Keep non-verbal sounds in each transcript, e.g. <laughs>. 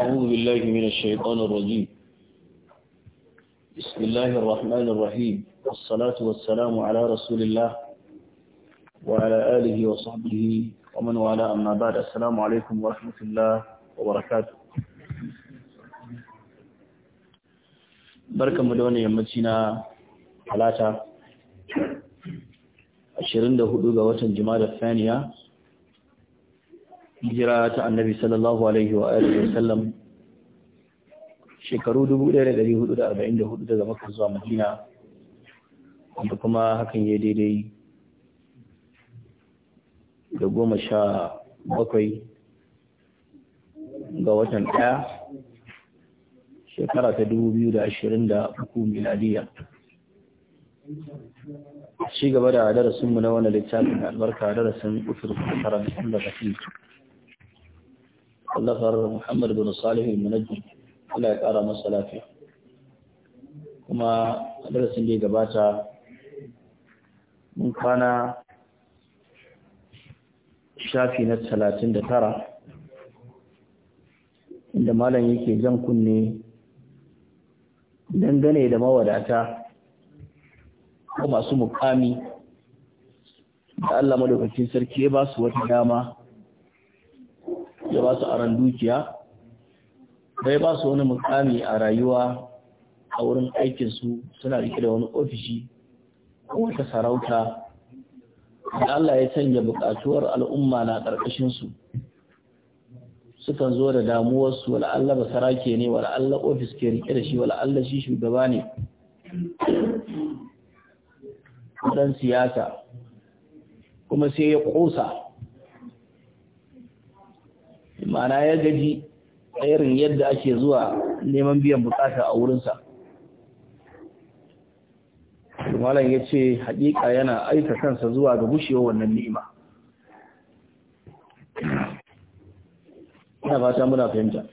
أعوذ بالله من الشيطان الرجيم بسم الله الرحمن الرحيم والصلاة والسلام على رسول الله وعلى آله وصحبه ومن والاه أما بعد السلام عليكم ورحمة الله وبركاته barkan mu da wannan yammaci na talata 24 ga watan jima'a da saniya hijira ta annabi sallallahu alaihi wa alihi sallam shekaru 1444 daga makka zuwa madina da kuma hakan ya daidai da goma sha bakwai ga watan ɗaya shekara ta uku miladiya ci gaba da darasinmu na wani littafin albarka darasin usul kusurar da kan da wallafar Muhammad bin Salih al-Munajjid Allah ya kara masa lafiya kuma a darasin da ya gabata mun kwana shafi na talatin da tara inda malam yake jan kunne dangane da mawadata ko masu mukami da Allah madaukakin sarki ya ba su wata dama ya ba su aran dukiya bai ba su wani mukami a rayuwa a wurin aikinsu suna rike da wani ofishi ko wata sarauta da Allah ya sanya bukatuwar al'umma na ƙarƙashinsu sukan zo da damuwarsu wala Allah ba sarake ne wala Allah ofis ke rike da shi wala Allah shi shugaba ne dan siyasa kuma sai ya ƙosa ma'ana ya gaji a irin yadda ake zuwa neman biyan bukata a wurinsa malam ya ce haƙiƙa yana aika kansa zuwa ga gushewa wannan ni'ima ina fata muna fahimta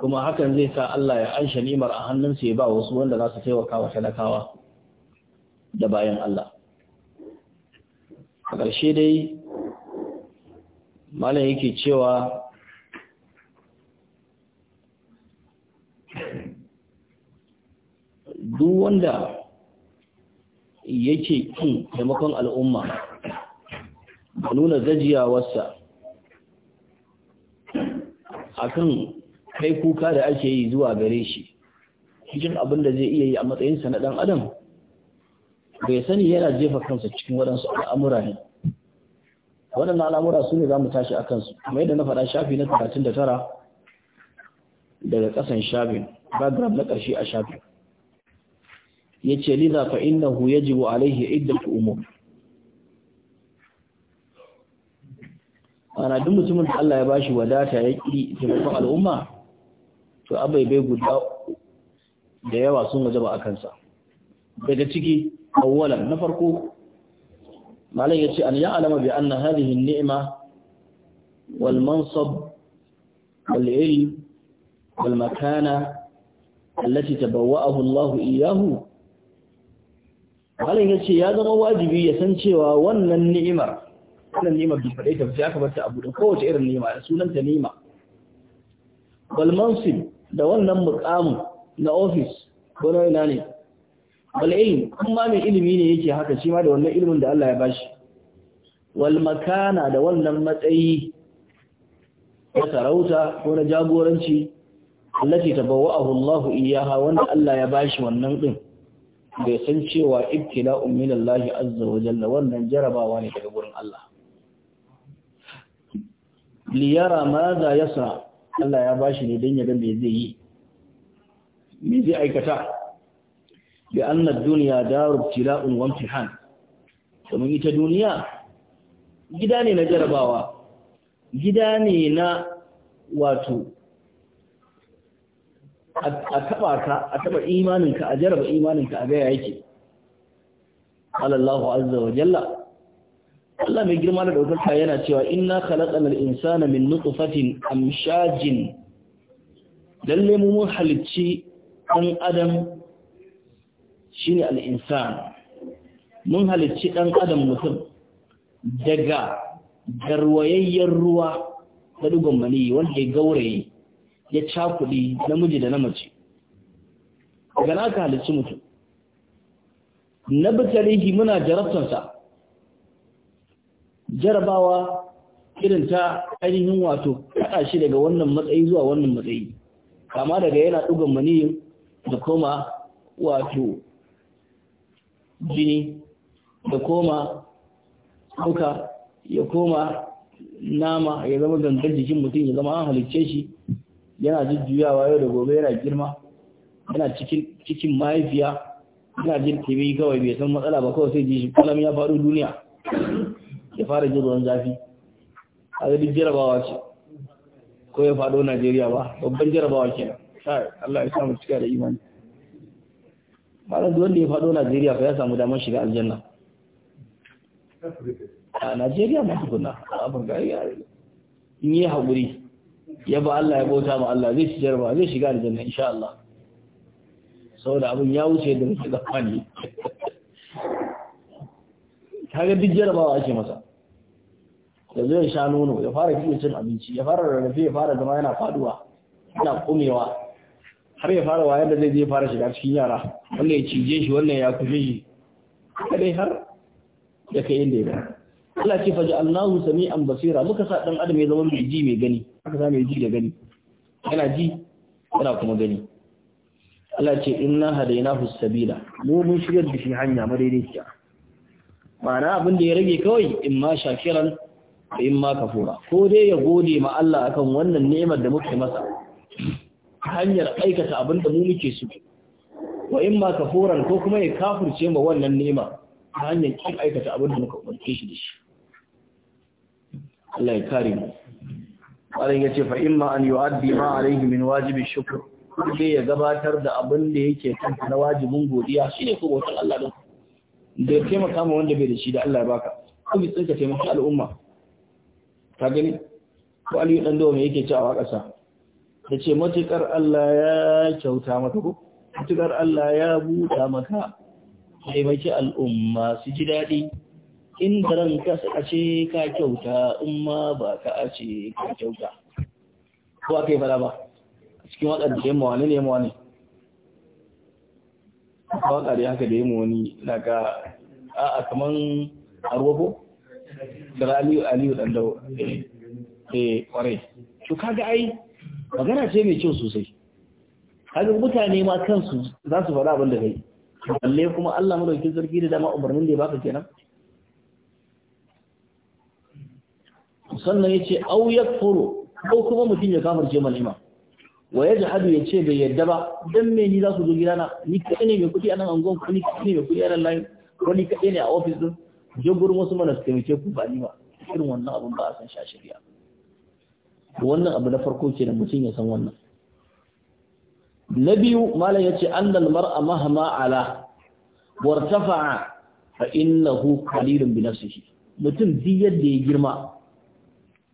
kuma hakan zai sa Allah ya ansha ni'imar a hannunsa ya ba wasu wanda za su taimaka wa talakawa da bayan Allah a ƙarshe dai malam yake cewa duk wanda yake kin taimakon al'umma da nuna gajiyawarsa akan kai kuka da ake yi zuwa gare shi cikin abin da zai iya yi a matsayinsa na ɗan adam bai sani yana jefa kansa cikin waɗansu al'amura ne waɗannan al'amura su ne za mu tashi a kansu kuma yadda na faɗa shafi na 39 daga ƙasan shafin background na ƙarshe a shafin ya ce liza fa innahu yajibu alaihi iddatu umu ana duk mutumin da Allah ya bashi wadata ya ƙi taimakon al'umma to abai bai guda da yawa sun waje ba a kansa daga ciki awwalan na farko malam ya ce an yi alama bi anna hadhihi ni'ima wal mansab wal ilm wal makana iyahu malam ya ce ya zama wajibi ya san cewa wannan ni'imar wannan ni'imar bi ta fi aka bar ta abu da kowace irin ni'ima da sunanta ta ni'ima da wannan muqamu na ofis. ko ina ne wal ilm amma mai ilimi ne yake haka shi ma da wannan ilimin da Allah ya bashi wal makana da wannan matsayi na sarauta ko na jagoranci allati tabawwa'ahu Allah iyaha wanda Allah ya bashi wannan din bai san cewa ibtila'u min Allah azza wa jalla wannan jarabawa ne daga gurin Allah liyara ma za yasa Allah ya bashi ne dan ya ga me zai yi me zai aikata bi anna ad-dunya daru ibtila'un wa han. Domin ita duniya gida ne na jarabawa gida ne na wato a taba ka a taba imaninka a jaraba imaninka a gaya yake قال الله عز Jalla. Allah mai girma da daukaka yana cewa inna khalaqal insana min nutfatin amshajin lalle mu mun halicci ɗan adam shine al-insan mun halicci dan adam mutum daga garwayayyar ruwa da dugon mani wanda ya gauraye ya cakudi namiji da namace ga naka halicci mutum na bitarihi muna jarabtansa jarabawa irin ta ainihin wato kada shi daga wannan matsayi zuwa wannan matsayi kama daga yana dugon maniyin da koma wato jini ya koma hauka ya koma nama ya zama gangar jikin mutum ya zama an halicce shi yana jujjuyawa yau da gobe yana girma yana cikin cikin mahaifiya yana jin tebe kawai bai san matsala ba kawai sai jishin shi kwalam ya faru duniya ya fara jin ruwan zafi a zai duk jarabawa ce ko ya faɗo najeriya ba babban jarabawa kenan sai Allah ya samu cika da imani malam duk ya faɗo Najeriya fa ya samu damar shiga aljanna a Najeriya ma tukuna a Afirka ya in yi haƙuri ya ba Allah ya bauta ma Allah zai shigar ba zai shiga aljanna insha Allah saboda abin ya wuce da muke zamani kaga duk jarabawa ake masa Da zai ya sha nono ya fara kiyo cin abinci ya fara rarrafe ya fara zama yana faduwa yana kumewa har ya fara wayar da zai je fara shiga cikin yara wannan ya cije shi wannan ya kushe shi haka har ya kai inda ya Allah ce faji Allahu sami'an basira muka sa dan adam ya zama mai ji mai gani haka sa mai ji da gani yana ji yana kuma gani Allah ce inna hadainahu sabila mu mun shigar da shi hanya madaidaiciya ma'ana abin da ya rage kawai in ma shakiran in ma kafura ko dai ya gode ma Allah akan wannan ni'imar da muke masa ta hanyar aikata abin da mu muke su wa in ma kafuran ko kuma ya kafurce ma wannan nema ta hanyar kin aikata abin da muka umarce shi da shi Allah ya kare mu Allah ya ce fa in ma an yu'addi ma alayhi min wajibi shukr sai ya gabatar da abin da yake kan na wajibin godiya shine ko bautar Allah da da ya taimaka ma wanda bai da shi da Allah ya baka ko bi tsinka taimaka al'umma ka gani ko aliyu dan dawo me yake cewa a ƙasa ta ce matuƙar Allah ya kyauta maka ko matuƙar Allah ya buɗa maka haimaki al'umma su ji daɗi in da ranka a ce ka kyauta in ma ba ka a ce ka kyauta ko aka yi fara ba a cikin waɗanda da yamma wani ne yamma wani waƙa da haka da ya wani daga na kaman a kaman ko da aliyu aliyu ɗan dau eh, eh ƙwarai to ga ai magana ce mai kyau sosai haka mutane ma kansu za su faɗa abin da kai balle kuma Allah madaukin sarki da dama umarnin da ya baka kenan sannan yace au yakfuru ko kuma mutum ya je malima wa yajhadu yace bai yadda ba dan me ni za su zo gidana ni kai ne mai kudi a nan angon ko ni kai ne mai kudi a nan layin ko ni kai ne a office din je musu wasu mana su taimake ku ba ni ba irin wannan abun ba a san shi a shari'a wannan abu na farko ke da mutum ya san wannan na biyu malam yace annal mar'a mahma ala wartafa'a fa innahu qalilun bi nafsihi mutum duk yadda ya girma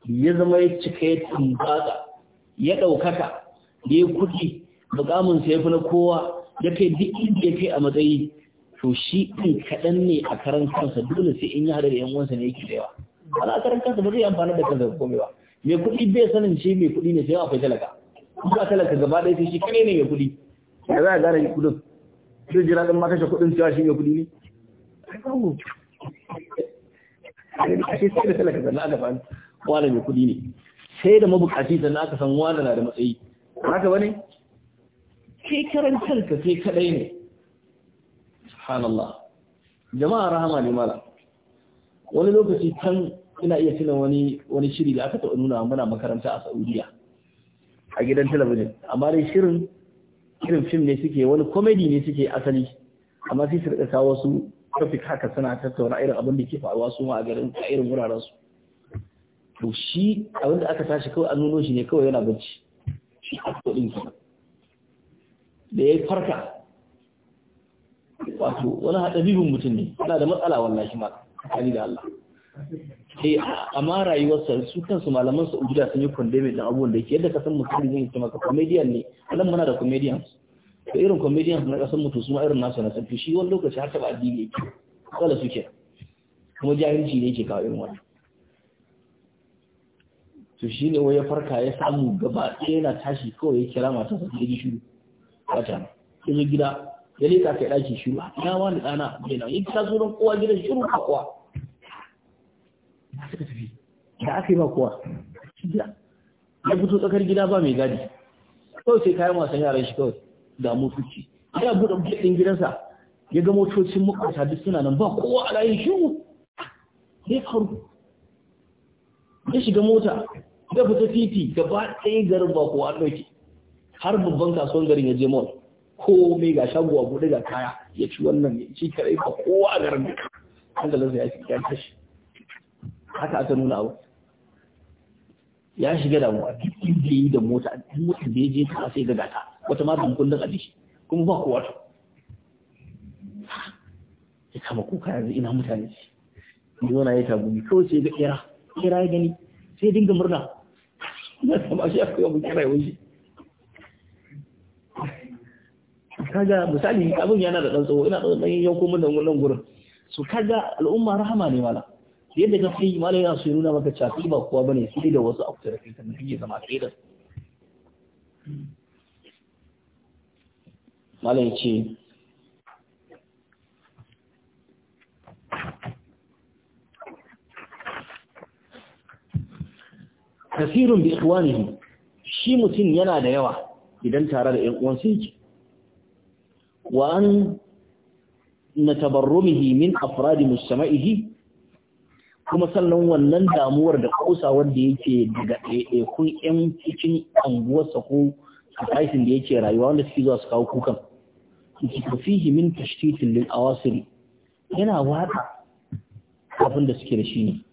ya zama ya cika ya tumbata ya daukaka ya kuɗi bukamin ya fi na kowa ya kai duk inda ya kai a matsayi to shi ɗin kaɗan ne a karan kansa dole sai in ya hada da yan uwansa ne yake da yawa ana karan kansa ba zai amfana da kansa komai ba mai kuɗi bai sanin shi mai kuɗi ne sai akwai talaka kuma talaka gaba ɗaya sai shi kane ne mai kuɗi ya za a gane kuɗin sai jira ɗin ma kashe kuɗin cewa shi mai kuɗi ne ashe sai da talaka sannan aka san wani mai kuɗi ne sai da mabukaci sannan aka san wani na da matsayi haka bane kai karan kanka sai kadai ne subhanallah jama'a rahama ne mala wani lokaci can ina iya tuna wani wani shiri da aka taɓa nuna muna makaranta a Saudiya a gidan talabijin amma dai shirin irin fim ne suke wani komedi ne suke asali amma sai su rika kawo wasu topic haka suna tattauna irin abin da ke faruwa su ma a garin a irin wuraren su to shi abin da aka tashi kawai an nuno shi ne kawai yana bacci shi a kudin kenan da ya farka wato wani haɗa bibin mutum ne yana da matsala wallahi ma tsakani da Allah eh amma rayuwarsa su kansu malaman su ujuda sun yi condemn din abubuwan da yake yadda kasan mutum zai yi maka comedian ne nan muna da comedian da irin comedian na kasan mutu su ma irin nasu na sarfi shi wani lokaci har taba addini yake kala suke kuma jahilci ne yake kawo irin wannan to shi ne wai ya farka ya samu gaba ɗaya yana tashi kawai ya kira masu ta ji shiru wata ya zo gida ya leka kai ɗaki shiru ya wani ɗana bai na yi ta don kowa gidan shiru a suka tafi da aka yi ba kowa ya fito tsakar gida ba mai gadi kawai sai kayan wasan yaran shi kawai da motoci ya buɗe buɗin gidansa ya ga motocin makwasa duk suna nan ba kowa a layin shi ya faru ya shiga mota ya fita titi gaba ɗaya garin ba kowa ɗauki har babban kasuwan garin ya je mall ko mai ga shago a buɗe ga kaya ya ci wannan ya ci kare ba kowa a garin duka hankalinsa ya ci kyan tashi haka aka nuna abu ya shiga damuwa duk inda yi da mota duk mutum da ya je ta sai daga ta wata ma ban kullun a dishi kuma ba kowa to ya kama kuka yanzu ina mutane shi ce zo na ya tabu kawai sai ga kera kera ya gani sai dinga murna na sama shi aka abin kira ya wuce kaga misali abin yana da ɗan tsawo ina da yi yanko mun nan gurin su kaga al'umma rahama ne malam yadda ka fi malai na su nuna maka cafi ba kuwa bane sai da wasu abu da kai kan fiye zama kai da malai ce kasirun bi ikhwanihi shi mutum yana da yawa idan tare da ƴan uwansa yake wa an na tabarrumihi min afradi mujtama'ihi kuma sannan wannan damuwar da kusa wanda yake daga ɗaiɗaikun ƴan cikin anguwarsa ko sufaisin da yake rayuwa wanda suke zuwa su kawo kukan suke fihi min tashtitin lil awasiri yana wata abin da suke da shi ne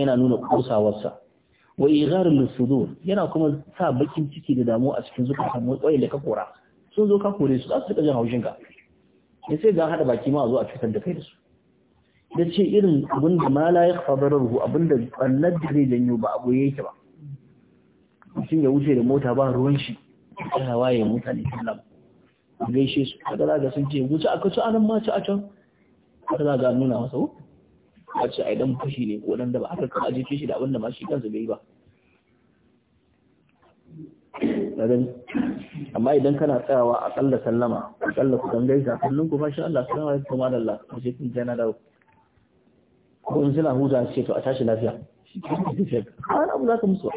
yana nuna kusawarsa wa igharin lusudur yana kuma sa bakin ciki da damuwa a cikin zukatan motsayi da ka kora sun zo ka kore su za su rika jin haushinka sai ga hada baki ma a zo a cutar da kai da su da ce irin abin da ma la ya abinda abin da ɓannar da zai janyo ba abu yake ba mutum ya wuce da mota ba ruwan shi yana waye mutane sallam gaishe su kaga za ga sun ce wuce aka ci anan ma ci a can har za ga nuna masa oh, a ce a dan fashi ne ko dan da ba aka kan aje shi da abin da ma shi kansa bai ba amma idan kana tsayawa akalla sallama akalla ku dan gaisa kullun ku fashi Allah sallallahu alaihi wa sallam Allah ku sai kun jana da ko in suna huta ce to a tashi lafiya an abu za ka musu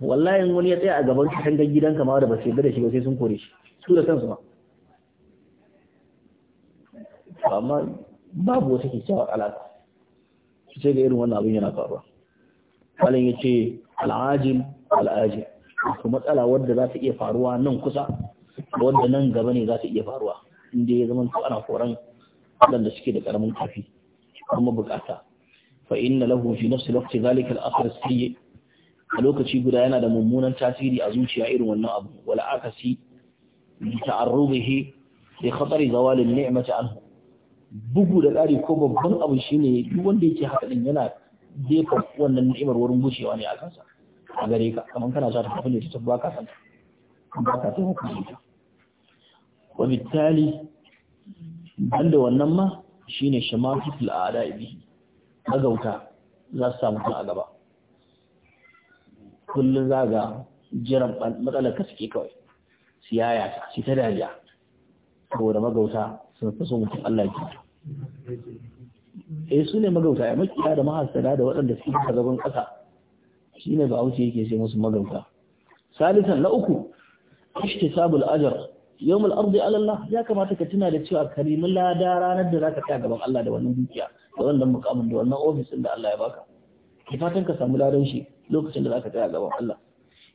wallahi wani ya tsaya a gaban katangar gidanka ma da ba su da shi ba sai sun kore shi su da kansu ma amma babu wata kyakkyawar alaƙa ce ga irin wannan abin yana faruwa halin ya ce al'ajil al'ajil ku matsala wadda za ta iya faruwa nan kusa wadda nan gaba ne za ta iya faruwa inda ya zama ana koran waɗanda suke da ƙaramin kafi kuma bukata fa inna lahu fi nafsi waqti zalika al-akhir sayyi a lokaci guda yana da mummunan tasiri a zuciya irin wannan abu wala akasi bi ta'arrubihi li khatari zawal an-ni'mati anhu bugu da ƙari ko babban abu shine duk wanda yake haka din yana jefa wannan ni'imar wurin gushewa ne a kansa a gare ka kamar kana zata kafin ta baka san baka ka ta wa bitali banda wannan ma Shi shine shamatul a'da bihi magauta za su samu kuma a gaba kullum za ga jiran matsalar ka suke kawai su yaya su ta dariya da magauta sun fi so mutum Allah ke e eh, su ne magauta ya makiya da mahasada da waɗanda suke a gaban ƙasa Shi ne ba auce yake sai musu magauta salisan na uku ishtisabul ajr Yau ardi ala Allah ya kamata ka tuna da cewa karimin lada ranar da zaka tsaya gaban Allah da wannan dukiya da wannan mukamin da wannan office da Allah ya baka ki fatan ka samu ladan shi lokacin da zaka tsaya gaban Allah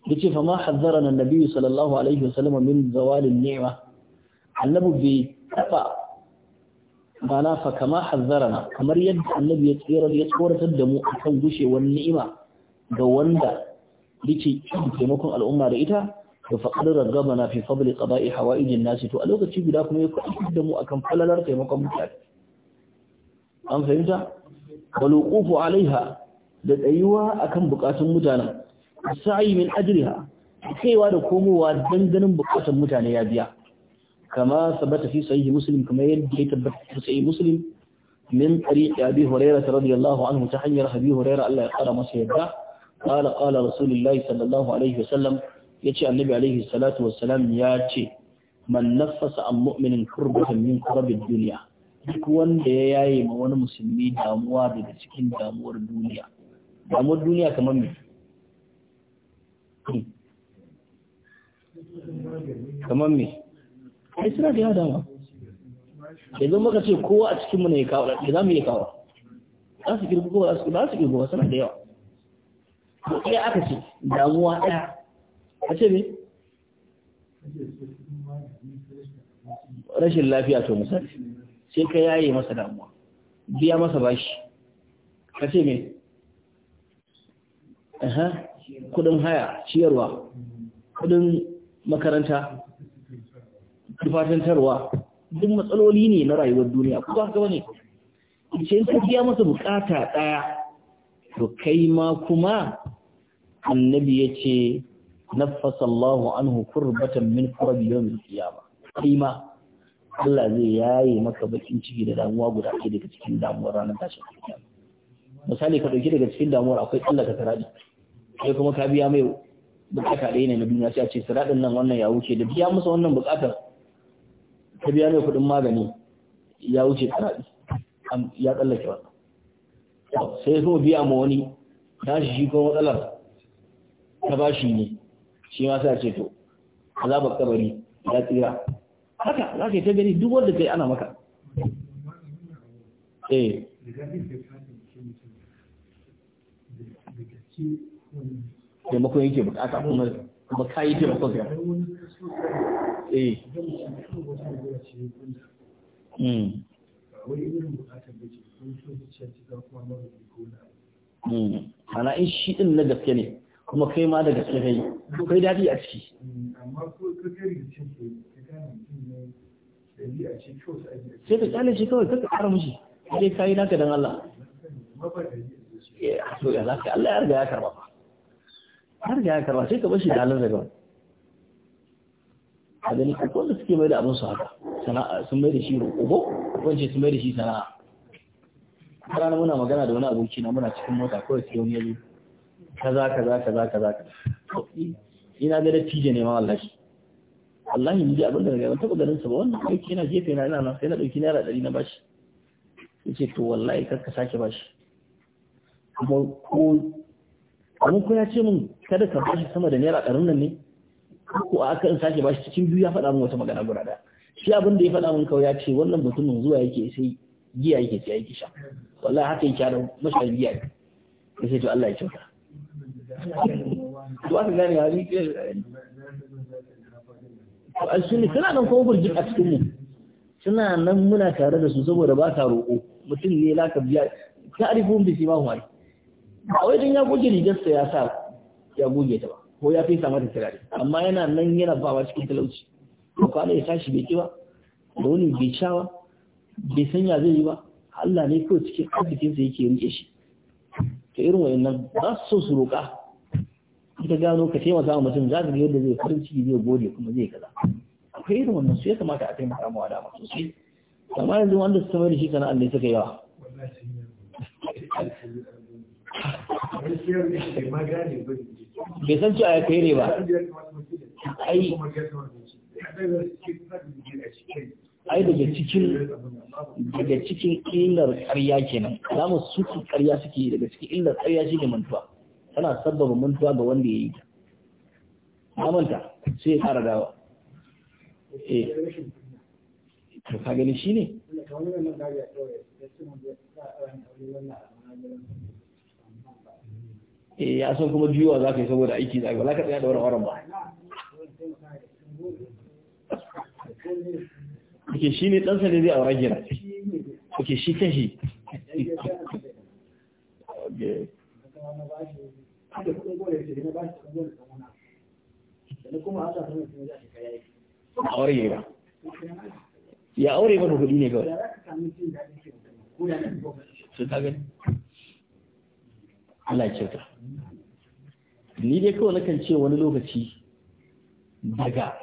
yace fa ma hazzarana annabi sallallahu alaihi wasallam min zawalin ni'ma annabi bai taba mana fa kama hazzarana kamar yadda annabi ya tsira ya tsoratar da mu akan gushewar ni'ima ga wanda yake taimakon al'umma da ita to faqad ragabana fi fadli qada'i hawaijin nas to a lokaci guda kuma ya kwaɗi da mu akan falalar taimakon mutane an fahimta wal wuqufu alaiha da tsayuwa akan bukatun mutane sa'i min ajriha kaiwa da komowa dan ganin bukatun mutane ya biya kama sabata fi sahih muslim kuma yadda ya tabbata sahih muslim ta hanyar أبي هريرة رضي الله عنه تحير أبي هريرة الله يقرأ مسيح قال قال رسول الله صلى الله عليه وسلم yace annabi alaihi salatu salam ya ce man nafasa an mu'minin kurbatan min kurabin duniya duk wanda ya yaye ma wani musulmi damuwa daga cikin damuwar duniya damuwar duniya kamar me kamar me ai suna da yawa dama yanzu muka ce kowa a cikinmu ne ya kawo da za mu ya kawo za su girgo ba za su girgo ba suna da yawa ko ɗaya aka ce damuwa ɗaya a ce ne rashin lafiya to misali sai ka yaye masa damuwa biya masa bashi ka ce me aha kudin haya ciyarwa kudin makaranta tufatantarwa duk matsaloli ne na rayuwar duniya ko ba gaba ne in ka biya masa bukata daya to kai ma kuma annabi ya ce nafasa Allahu anhu kurbatan min kurabi yawmin qiyama kai ma Allah zai yaye maka bakin ciki da damuwa guda ɗaya daga cikin damuwar ranar tashin kiyama misali ka dauki daga cikin damuwar akwai Allah ka saradi sai kuma ka biya mai bukata ɗaya ne na duniya sai a ce siradin nan wannan ya wuce da biya masa wannan bukatar ka biya mai kuɗin magani ya wuce saradi ya tsallake wannan sai kuma biya ma wani tashi shi ko matsalar ta bashi ne shi ma sai a ce to azabar kabari ya tsira haka za ka yi ta gani duk wanda kai ana maka eh taimako yake bukata kuma kuma ka yi taimako ga eh hmm. hmm. ana in shi din na gaske ne kuma kai ma daga cikin kai kai daɗi a ciki sai ka kyale shi kawai ka ƙara mishi sai ka yi naka dan Allah eh, to ya za Allah ya riga ya karba ba ya riga ya karba sai ka bashi da daga wani a gani ko wanda suke mai da abin su haka sana'a sun mai da shi roƙo wance sun mai da shi sana'a ranar muna magana da wani aboki na muna cikin mota kawai sai wani ya zo kaza kaza kaza kaza ina ga tije ne ma wallahi wallahi ni ji abin da ga ban taba sa ba wannan aiki yana jefe na ina nan sai na dauki naira 100 na bashi yace to wallahi kar ka sake bashi kuma ko amma ko ya ce min kada ka bashi sama da naira 100 nan ne ko a aka in sake bashi cikin biyu ya faɗa min wata magana guda da shi abin da ya faɗa min kawai ya ce wannan mutumin zuwa yake sai giya yake sai yake sha wallahi haka yake da mashayi giya ne sai to Allah ya kyauta to na a suna nan kuma burjik a cikin suna nan muna tare da su saboda ba ta roƙo mutum ne la ka biya ta'rifun bi simahum ai a wai dan ya goge rigarsa ya sa ya goge ta ba ko ya fesa mata turare amma yana nan yana bawa cikin talauci Ko kwana ya tashi bai ki ba da wani bai sha ba bai sanya zai yi ba Allah ne kawai cikin arzikinsa yake rike shi ta irin wayannan za su so su roƙa ita gano ka taimaka mutum za ka ga yadda zai farin ciki zai gode kuma zai kaza akwai irin wannan su ya kamata a taimaka mawa dama sosai amma yanzu wanda su mai da shi sana'ar ne suka yawa bai san cewa ya kai ne ba ai daga cikin daga cikin illar ƙarya kenan Za mu suki ƙarya suke daga cikin illar ƙarya shi ne mantuwa tana sabbaba mantuwa ga wanda ya yi ta Amanta sai ya ƙara dawa eh ka gani shi ne eh ya san kuma jiwa za ka yi saboda aiki za ka ka tsaya da wani ba Ake shi ne ɗansa ne zai aura gina. Ake shi ta shi. <laughs> Okay. haka kuɗin gole ya ce na bashi kuɗin gole kan wani abu da kuma haka sun yi za shi kaya a aure ne ba ya aure mana kuɗi ne kawai su ta gani Allah ya kyauta ni dai kawai nakan ce wani lokaci daga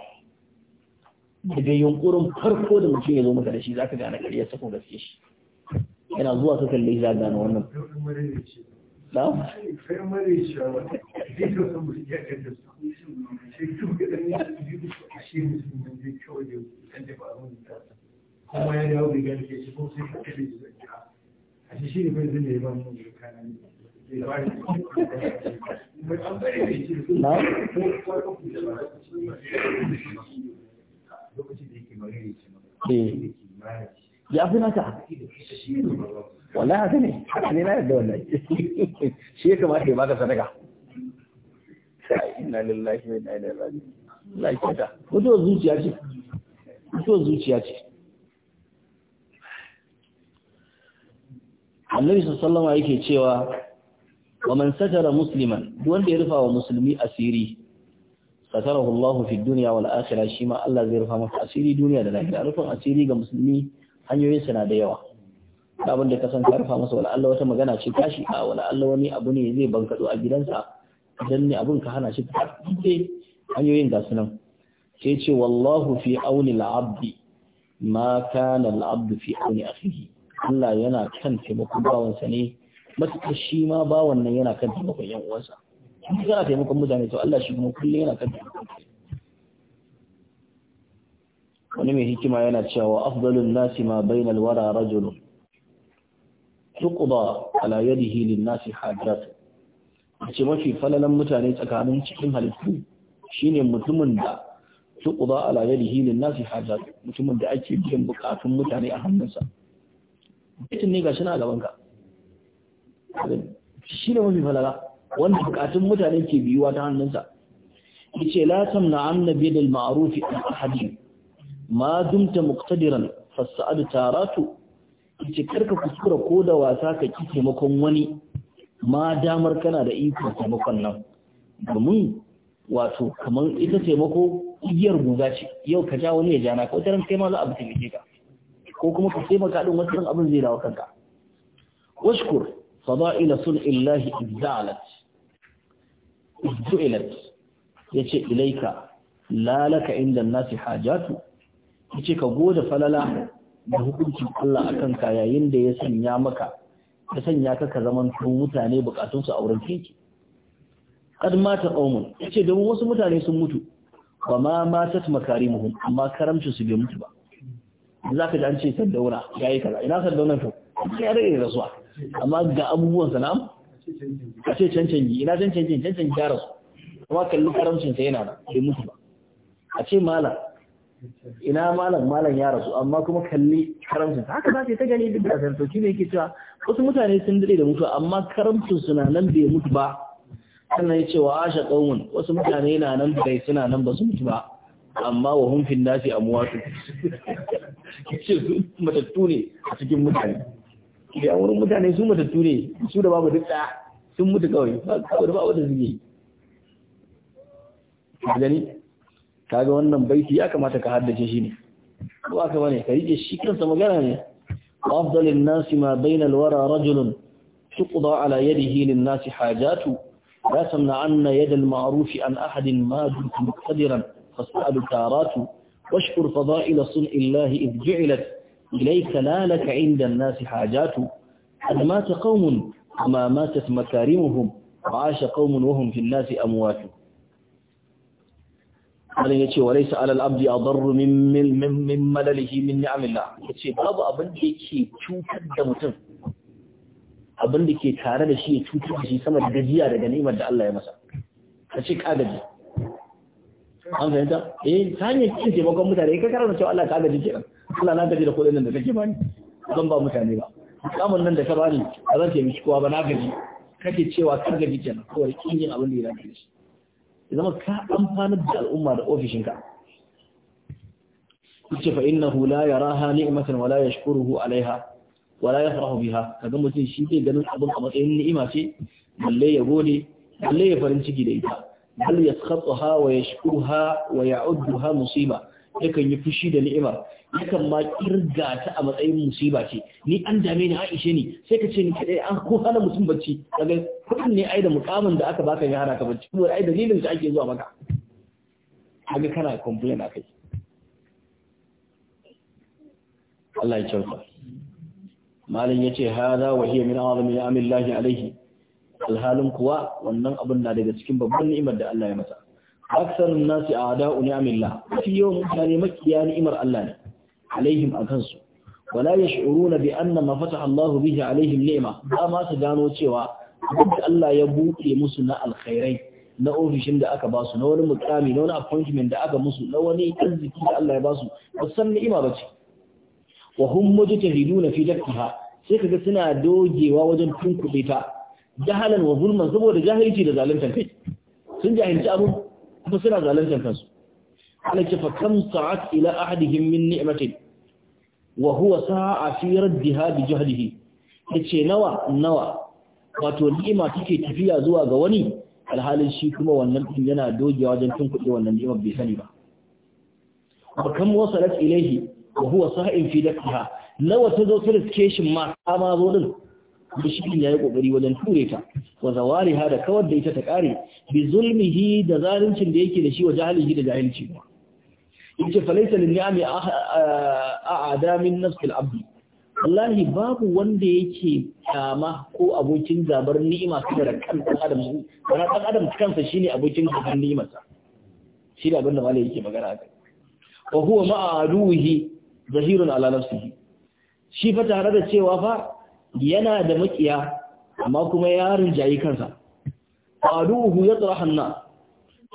daga yunkurin farko da mutum ya zo maka da shi zaka gane kariyar sakon gaske shi yana zuwa ka kalle za gane wannan ya ba da na ya fi naka wallahi haka ne haka ne na yadda wannan <laughs> shi ya kamata ya baka sadaka inna lillahi wa inna ilaihi raji'un Allah ya kyauta mutuwar zuciya ce mutuwar zuciya ce annabi sallama yake cewa wa man satara musliman duk wanda ya rufa wa musulmi asiri satarahu allahu fi duniya wal akhirah shi ma Allah zai rufa masa asiri duniya da lahira rufin asiri ga musulmi hanyoyinsa na da yawa abin da ka san ka rufa masa wala Allah wata magana ce tashi a wala Allah wani abu ne zai bankado a gidansa dan ne abin ka hana shi ta dai hanyoyin da sunan sai ce wallahu fi auni al-abdi ma kana al-abdu fi auni akhihi Allah yana kan taimakon bawansa ne matuƙar shi ma bawan nan yana kan taimakon yan uwansa in kana taimakon mutane to Allah shi kuma kullum yana kan taimakon wani mai hikima yana cewa afdalun nasi ma bainal wara rajulun tuqda ala yadihi lin-nasi hajat ce mafi falalan mutane tsakanin cikin halittu shine mutumin da tuqda ala yadihi lin-nasi mutumin da ake biyan bukatun mutane a hannunsa itin ne ga shi na gaban ka shine mafi falala wanda bukatun mutane ke biyuwa ta hannunsa yace la tamna'anna bidal ma'ruf an ahadin ma dumta muqtadiran fas'ad taratu kici karka kuskura ko da wasa ka ki taimakon wani ma damar kana da iko taimakon nan domin wato kamar ita taimako igiyar guga ce yau ka ja wani ya jana ka wata kai ma za a bi taimake ka ko kuma ka taimaka din wasu ran abin zai dawo kanka washkur fada'ila sun'illahi izdalat izdu'ilat yace ilaika lalaka inda nasi hajatu yace ka gode falala da hukuncin Allah a kanka yayin da ya sanya maka ya sanya ka ka zaman mutane bukatun su auren kinki kad mata qaumun yace domin wasu mutane sun mutu Ba ma matat makarimuhum amma karamcin su bai mutu ba zaka ji an ce sandauna yayi kaza ina sandauna to ya rage rasuwa amma ga abubuwan sanam a ce cancanci ina cancanci cancanci ya rasu amma kallon karamcin sa yana da bai mutu ba a ce mala ina malam malam ya rasu amma kuma kalli karamcin haka za ta gani duk da santoci ne ke cewa wasu mutane sun dade da mutuwa amma karamcin suna nan bai mutu ba sannan ya ce wa asha kaumun wasu mutane na nan bai suna nan ba su mutu ba amma wa hum fin nasi amwatu yace su matattu ne a cikin mutane da wurin mutane su matattu ne su da babu duk sun mutu kawai ba kawai ba wanda suke gani kaga wannan baiti ya kamata ka haddace shi ne ko aka bane rike shi kansa magana ne afdalin nasi ma bayna alwara rajulun tuqda ala yadihi lin nasi hajatu la samna anna yad almaruf an ahad ma muqtadiran fas'alu taratu washkur fadail sun'i llahi id ju'ilat ilayka la lak inda nasi hajatu ad mata qaumun ma matat makarimuhum عاش قوم وهم في الناس أمواتهم Wani ya ce wa laisa alal abdi a min min min malalihi min ni'amillah ya ce babu abin da yake cutar da mutum abin da ke tare da shi ya cutar da shi sama da gajiya daga ni'imar da Allah ya masa ka ce ka gaji an fahimta eh ta hanyar cin taimakon mutane kai karanta cewa Allah ka gaji kenan Allah na gaji da nan da kake bani zan ba mutane ba kamun nan da ka bani ba zan taimaki kowa ba na gaji kake cewa ka gaji kenan kawai kin yin abin da ya dace shi ya zama ka amfanar da al'umma da ofishinka yace na hula la yaraha ni’imatan wala yashkuruhu alaiha wala yafrahu biha kaga mutum shi bai ganin abin a matsayin ni'ima ce balle ya gode balle ya farin ciki da ita bal ha wa yashkuruha wa ha musiba yakan yi fushi da ni'imar yakan ma kirga ta a matsayin musiba ce ni an dame ni aishe ne sai ka ce ni kadai an ah, ko hana mutum bacci daga kudin ne ai da mukamin da aka baka yara ka bacci kuma ai dalilin da ake zuwa maka kaga kana complain akai Allah ya kyauta malam yace hada wa hiya min azami lahi alaihi alhalin kuwa wannan abun na daga cikin babban ni'imar da Allah ya masa aksarun nasi a'da'u ni'amillah fi yawan mutane makiya ni'imar Allah ne alaihim a kansu wala na bi anna ma fataha Allahu bihi alaihim ni'ma ba ma su gano cewa abinda Allah ya buɗe musu na alkhairai na ofishin da aka basu na wani mukami na wani appointment da aka musu na wani arziki da Allah ya basu wasan ni'ima bace wa hum mujtahiduna fi dakha sai kaga suna dogewa wajen tunkuɗe ta jahalan wa zulman saboda jahilci da zaluntar kai sun jahilci abu kuma suna zaluntar kansu alaki fa kam sa'at ila ahadihim min ni'matin wa huwa sa'a fi raddiha bi jahlihi yace nawa nawa wato ni'ima take tafiya zuwa ga wani alhalin shi kuma wannan din yana dogewa wajen tun kuɗi wannan ni'imar bai sani ba wa kam wasalat ilayhi wa huwa sa'in fi daqiha nawa ta zo ta riske shi ma ma zo din bishikin yayi kokari wajen ture ta wa zawariha da kawar da ita ta kare bi zulmihi da zaluncin da yake da shi wa jahilihi da jahilci kuma yace falaita lin ni'ami Adamin min nafsil abdi wallahi babu wanda yake kama ko abokin zabar ni'ima su da kan ɗan adam wani dan adam kansa shine abokin ni'ima ni'imarsa shi da abin da malai yake magana haka wa huwa ma'a aduhi zahirun ala nafsihi shi fa tare da cewa fa yana da makiya amma kuma ya rinjayi kansa aduhu yatrahu an-nas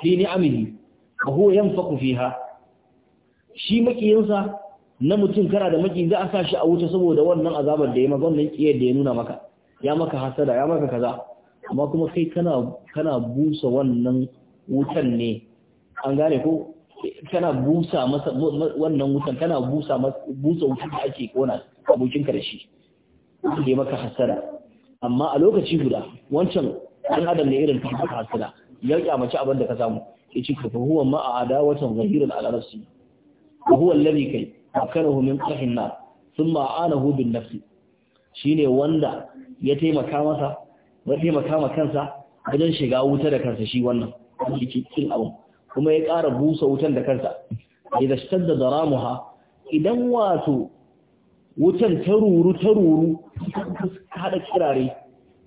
fi ni'amihi wa huwa yanfaqu fiha shi makiyinsa na mutum kana da maki za a sa shi a wuta saboda wannan azabar da ya maka wannan kiyar da ya nuna maka ya maka hasada ya maka kaza amma kuma kai kana kana busa wannan wutan ne an gane ko kana busa masa wannan wutan kana busa masa busa wutan da ake kona abokin ka da shi da ya maka hasada amma a lokaci guda wancan dan adam ne irin ka hasada ya kyamaci abin da ka samu yace ka fa huwa ma a adawatan al'adarsu. ala nafsi wa huwa alladhi kai akarahu min qahin nar thumma anahu bin nafsi shine wanda ya taimaka masa ya taimaka ma kansa wajen shiga wuta da kansa shi wannan kuma ya ƙara busa wutan da kansa idan idan wato wutan ta ruru ta ruru hada kirare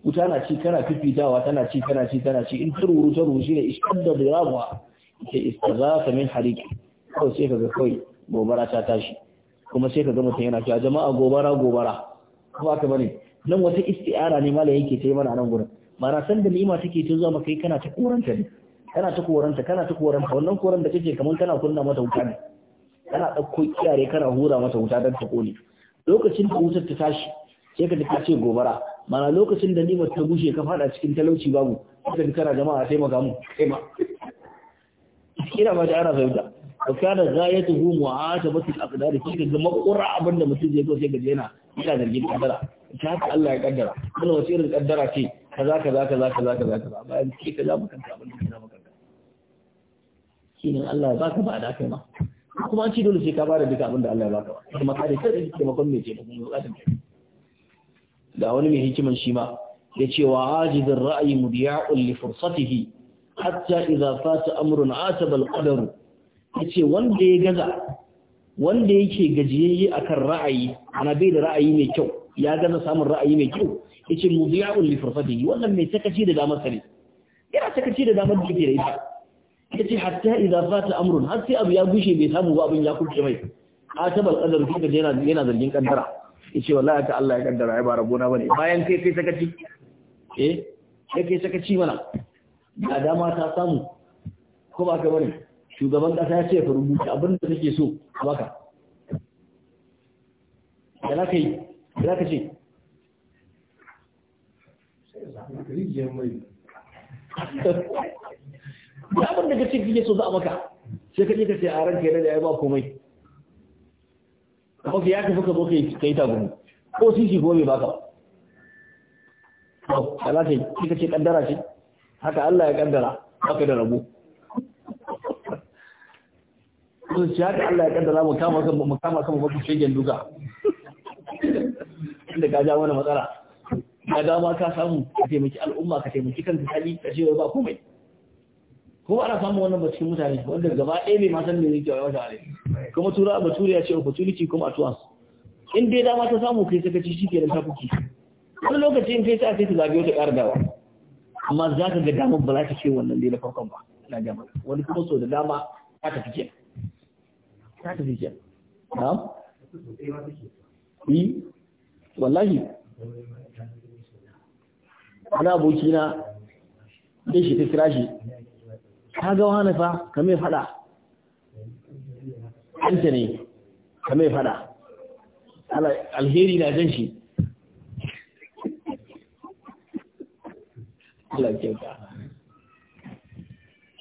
wuta na ci kana fifitawa tana ci tana ci tana ci in ta ruru ta ruru shine ishadda daramuha ke istazafa min hariki kawai sai kaga kawai gobara ta tashi kuma sai kaga mutum yana cewa jama'a gobara gobara kuma haka bane nan wata isti'ara ne malai yake ta yi mana nan gurin mara san da ni'ima take ta zuwa maka kana ta koranta ne kana ta koranta kana ta koranta wannan koran da kake kamar kana kunna mata wuta ne kana ɗauko kiyare kana hura mata wuta don ta kone lokacin da wutar ta tashi sai ka ta ce gobara mana lokacin da nimar ta bushe ka fada cikin talauci babu sai ka kana jama'a sai maka mu kai ma kira ba ta ana fahimta wa kana ghayatuhu mu'atabatu al-aqdar sai ga makura abinda mutum zai zo sai ga yana da zargin kaddara ta haka Allah ya kaddara kana wace irin kaddara ce kaza kaza kaza kaza kaza kaza bayan ki kaza makanta abinda kaza makanta shine Allah ya baka ba da kai ma kuma an ci dole sai ka bada duka abinda Allah ya baka ba kuma ka da kai da makon me ce da kuma bukatar da wani mai hikiman shi ma ya ce wa ajizin ra'yi mudiya'un li fursatihi hatta idza fata amrun ataba al-qadaru ce wanda ya gaza wanda yake gajiyayye akan ra'ayi ana bai da ra'ayi mai kyau ya gaza samun ra'ayi mai kyau yace mudhi'un li fursatihi wannan mai takaci da damar sa ne yana takaci da damar da yake da ita yace hatta idza fata amrun har sai abu ya gushe bai samu ba abin ya kurce mai atabal qadar kika yana yana zargin kaddara yace wallahi ta Allah ya kaddara ai ba rabona bane bayan kai kai sakaci eh kai kai sakaci mana da dama ta samu ko ba ka bane shugaban ƙasa ya ce ka rubuta abin da kake so baka da za ka yi za ka ce da abin da kake kake so za a maka sai ka je ka ce a ranka yana da ya ba komai ok ya ka fuka zo ka yi tagumi ko sisi ko bai baka ba to ala ce kika ce kaddara ce haka Allah ya kaddara haka da rabo mutunci haka Allah ya kaddara mu kama kan mu kama kan mu shegen duka inda ka ja mana matsala ka ga ma ka samu ka taimaki al'umma ka taimaki kanka hali ka ce ba komai ko ana samu wannan ba cikin mutane wanda gaba ɗaya bai ma san me yake wa wata kuma tura ba tura ya ce opportunity kuma a tuwa in dai dama ta samu kai saka ci shike da tafuki wani lokaci in kai ta sai ta zagayo ta ƙara dawa amma za ka ga damar ba za ta ce wannan dai na farkon ba ina jama'a wani kuma so da dama ta tafi fice ta tafi ke na'am yi eh, wallahi ana abokina ɗin shi ta kira shi Ta ga wani fa ka mai fada ɗanta ne ka mai fada alheri na jan shi Allah kyauta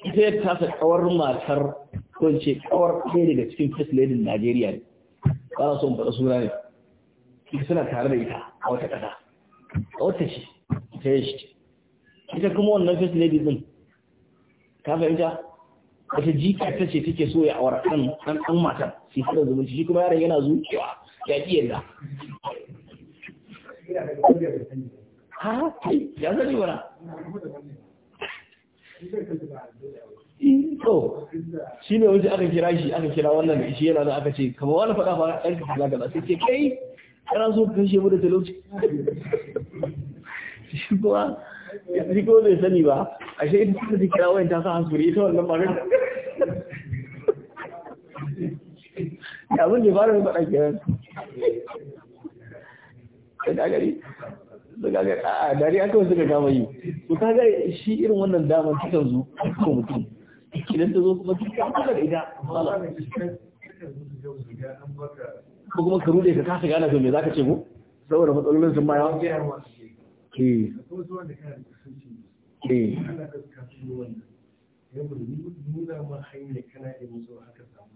ita ya tasa kawar matar ko in ce kawar ɗaya daga cikin first lady Najeriya ne ba na so in faɗa suna ne ita suna tare da ita a wata ƙasa a wata ce ta yi shi ita kuma wannan first lady din ka fahimta wata jika ta ce take so ya awar kan ɗan ɗan matan sai kada zumunci shi kuma yaron yana zuwa ya ƙi yadda ha ya zani wana. to shi ne wajen aka kira shi aka kira wannan shi yana da aka ce kama wani faɗa fara ɗan ka kaza kaza sai ce kai kana so ka kashe mu da talauci shi kuma shi kuma bai sani ba a shi ita suka kira wayan ta sa hankuri ita wannan magana ya abin da fara faɗa kiran da gari da gari a dariya kawai suka kama yi to gari shi irin wannan damar cikin zu ko mutum ciki ta zo kuma duk an da ita ko kuma ka rude ka kasa gane to me zaka ce mu saboda matsalolin sun baya eh ke nuna ma hanyar kana da haka samu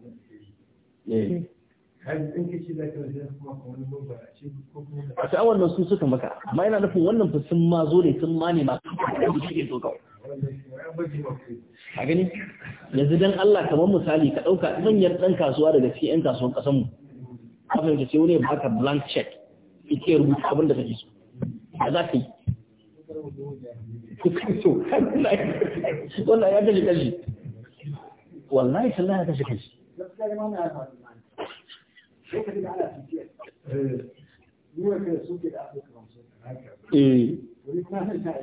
wannan su suka maka amma yana nufin wannan fa sun ma zo ne sun ma ne ma kan shi ke so kawai a yanzu don Allah kamar misali ka ɗauka manyan ɗan kasuwa daga cikin 'yan kasuwan ƙasanmu kafin ka ce wani ba ka blank check ita ya rubuta abin da kake so a za ka yi wannan ya kashe kashi wallahi sallah ya kashe kashi eh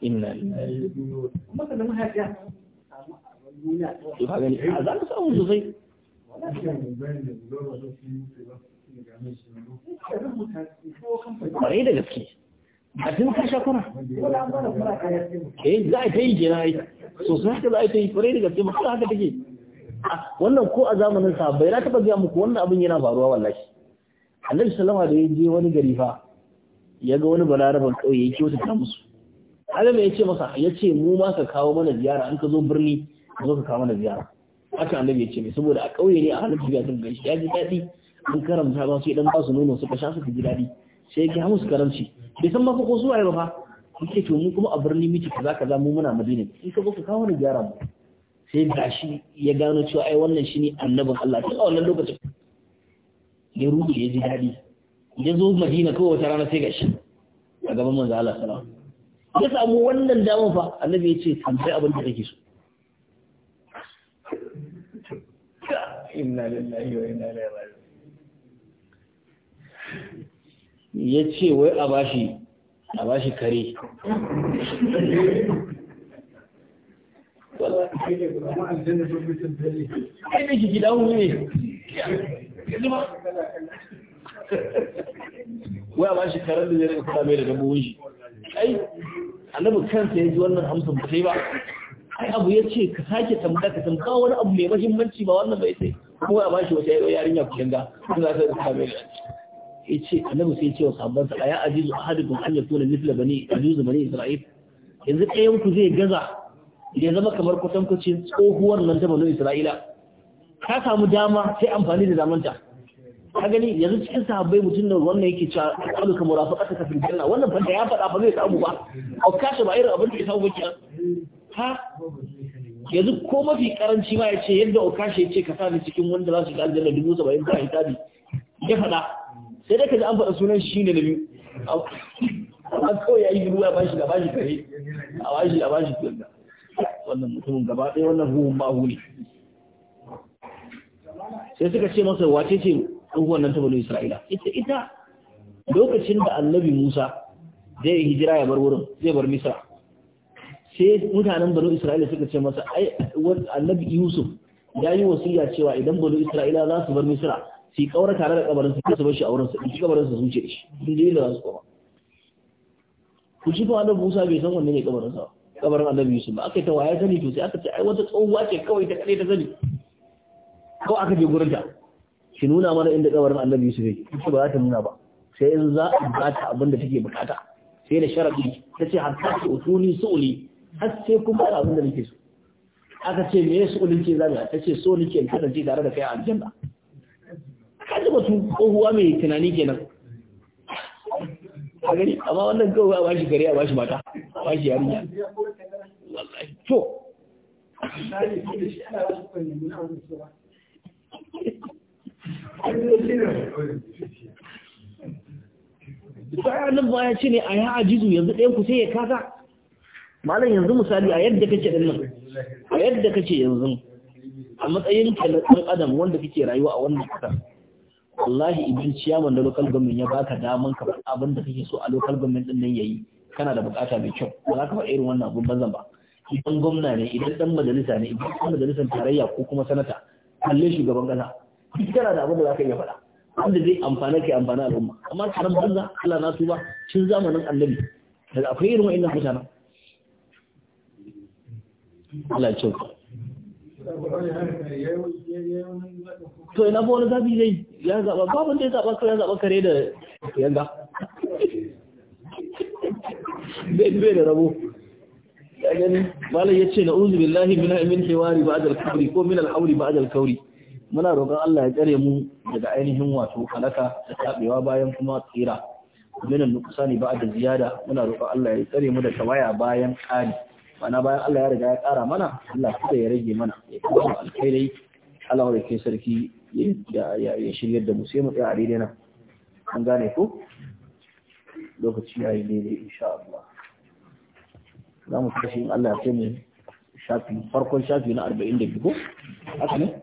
inna lillahi maka da mahaifiya to ka gani a za ka samu sosai kwarai da gaske a cikin kashe kuna eh za a ta yi kenan ai sosai haka za a ta yi kwarai da gaske masu haka take wannan ko a zamanin sahabbai na taɓa gaya muku wannan abin yana faruwa wallahi annabi sallama da ya je wani gari fa ya ga wani balarabin ƙauye ya kyauta ta musu Alama ya ce masa ya ce mu ma ka kawo mana ziyara an ka zo birni ka zo ka kawo mana ziyara haka annabi ya ce mai saboda a ƙauye ne a halin tafiya sun gaishe ya ji daɗi an karamta ba su idan ba su nono suka sha suka ji daɗi sai ya musu karamci bai san ba ko su ba fa yake to mu kuma a birni miki kaza kaza mu muna madina in ka zo ka kawo mana ziyara mu sai gashi ya gano cewa ai wannan ne annabin Allah tun a wannan lokacin ya rubuta ya ji daɗi ya zo madina kawai wata rana sai gashi a gaban manzo Allah sallallahu ya samu wannan damar fa annabi ya ce tambayi abin da kake so ya ce wai a bashi a bashi kare Ai ne ki gidan ne. waya ba shi karar da zai rika mai da dabbobin shi ai annabi kansa ya ji wannan amsar ba sai ba ai abu ya ce ka sake tambaya ka tambaya wani abu mai mahimmanci ba wannan bai sai kuma ba shi wata yarinya ku yanga kuma za ta da mai da ya ce annabi sai ya ce wa sahabban sa ya azizu ahadukum an yakuna mithla bani azizu bani isra'il yanzu ɗayan ku zai gaza ya zama kamar kusan kucin tsohuwar nan ta bani isra'ila ka samu dama sai amfani da damanta. ka gani yanzu cikin sahabbai mutum da wannan yake cewa alu ka murafaqata ka fil janna wannan fanta ya faɗa ba zai samu ba au kashe ba irin abin da ya samu ba ha yanzu ko mafi karanci ma ya ce yadda okashi ya ce ka sani cikin wanda za su ga aljanna dubu saba'in ba hisabi ya faɗa sai dai ka ji an faɗa sunan shi ne na biyu A kawai ya yi ruwa ya bashi da bashi kare a bashi a bashi kiyarda wannan mutumin gaba ɗaya wannan ruhun hu ne sai suka ce masa wace ce abubuwan nan ta bani isra'ila ita ita lokacin da annabi musa zai yi hijira ya bar wurin zai bar misra sai mutanen bani isra'ila suka ce masa ai annabi yusuf ya yi wasiya cewa idan bani isra'ila za su bar misra su yi kaura tare da kabarin su su bar shi a wurin su in kabarin su zuce shi in je da su kuma. ku ji ko annabi musa bai san wanne ne kabarin sa kabarin annabi yusuf ba aka yi ta waya sani to sai aka ce ai wata tsohuwa ce kawai ta kare ta sani ko aka je gurin ta ki nuna mana inda kabarin annabi Yusuf yake ita ba za ta nuna ba sai in za a bata abin da take bukata sai da sharadi ta ce hatta ki usuli su'uli har sai kuma da abin da nake so aka ce me ulin ce zamu ta ce so nake in kasance tare da kai a aljanna kaji batu kohuwa mai tunani kenan a gani amma wannan kawai ba shi gari a shi mata ba shi yarinya wallahi to bayan ba ya ce ne a ya ajizu yanzu ɗayan ku sai ya kasa malam yanzu misali a yadda kake ɗin nan a yadda kake yanzu a matsayin ka adam wanda kake rayuwa a wannan kasa. wallahi idan ciyaman da local government ya baka daman ka abin da kake so a local government ɗin nan yayi kana da bukata mai kyau ba za ka fa irin wannan abin ba idan gwamna ne idan ɗan majalisa ne idan ɗan majalisan tarayya ko kuma sanata kalle shugaban ƙasa duk kana da abin da za ka iya faɗa wanda zai amfana kai amfana al'umma amma karan banza Allah na su ba cin zamanin annabi daga akwai irin wa'annan mutanen Allah ya to ina ba wani zafi zai ya zaba babin da ya zaba kawai ya zaba kare da yanga bai bai da rabo ya gani malam ya ce na uzu billahi min min hiwari ba'd al kauri, ko min al-hawli ba'd al-kawri muna roƙon Allah ya tsare mu daga ainihin wato halaka da tabewa bayan kuma tsira min nuqsani ba'da ziyada muna roƙon Allah ya tsare mu da tawaya bayan ƙari mana bayan Allah ya riga ya ƙara mana Allah kuma ya rage mana ya kuma alkhairai Allah ya kai sarki ya shiryar da mu sai mu tsaya a daidai nan an gane ko lokaci ya yi daidai insha Allah za mu kashe in Allah ya kai mu shafi farkon shafi na 42 ko haka ne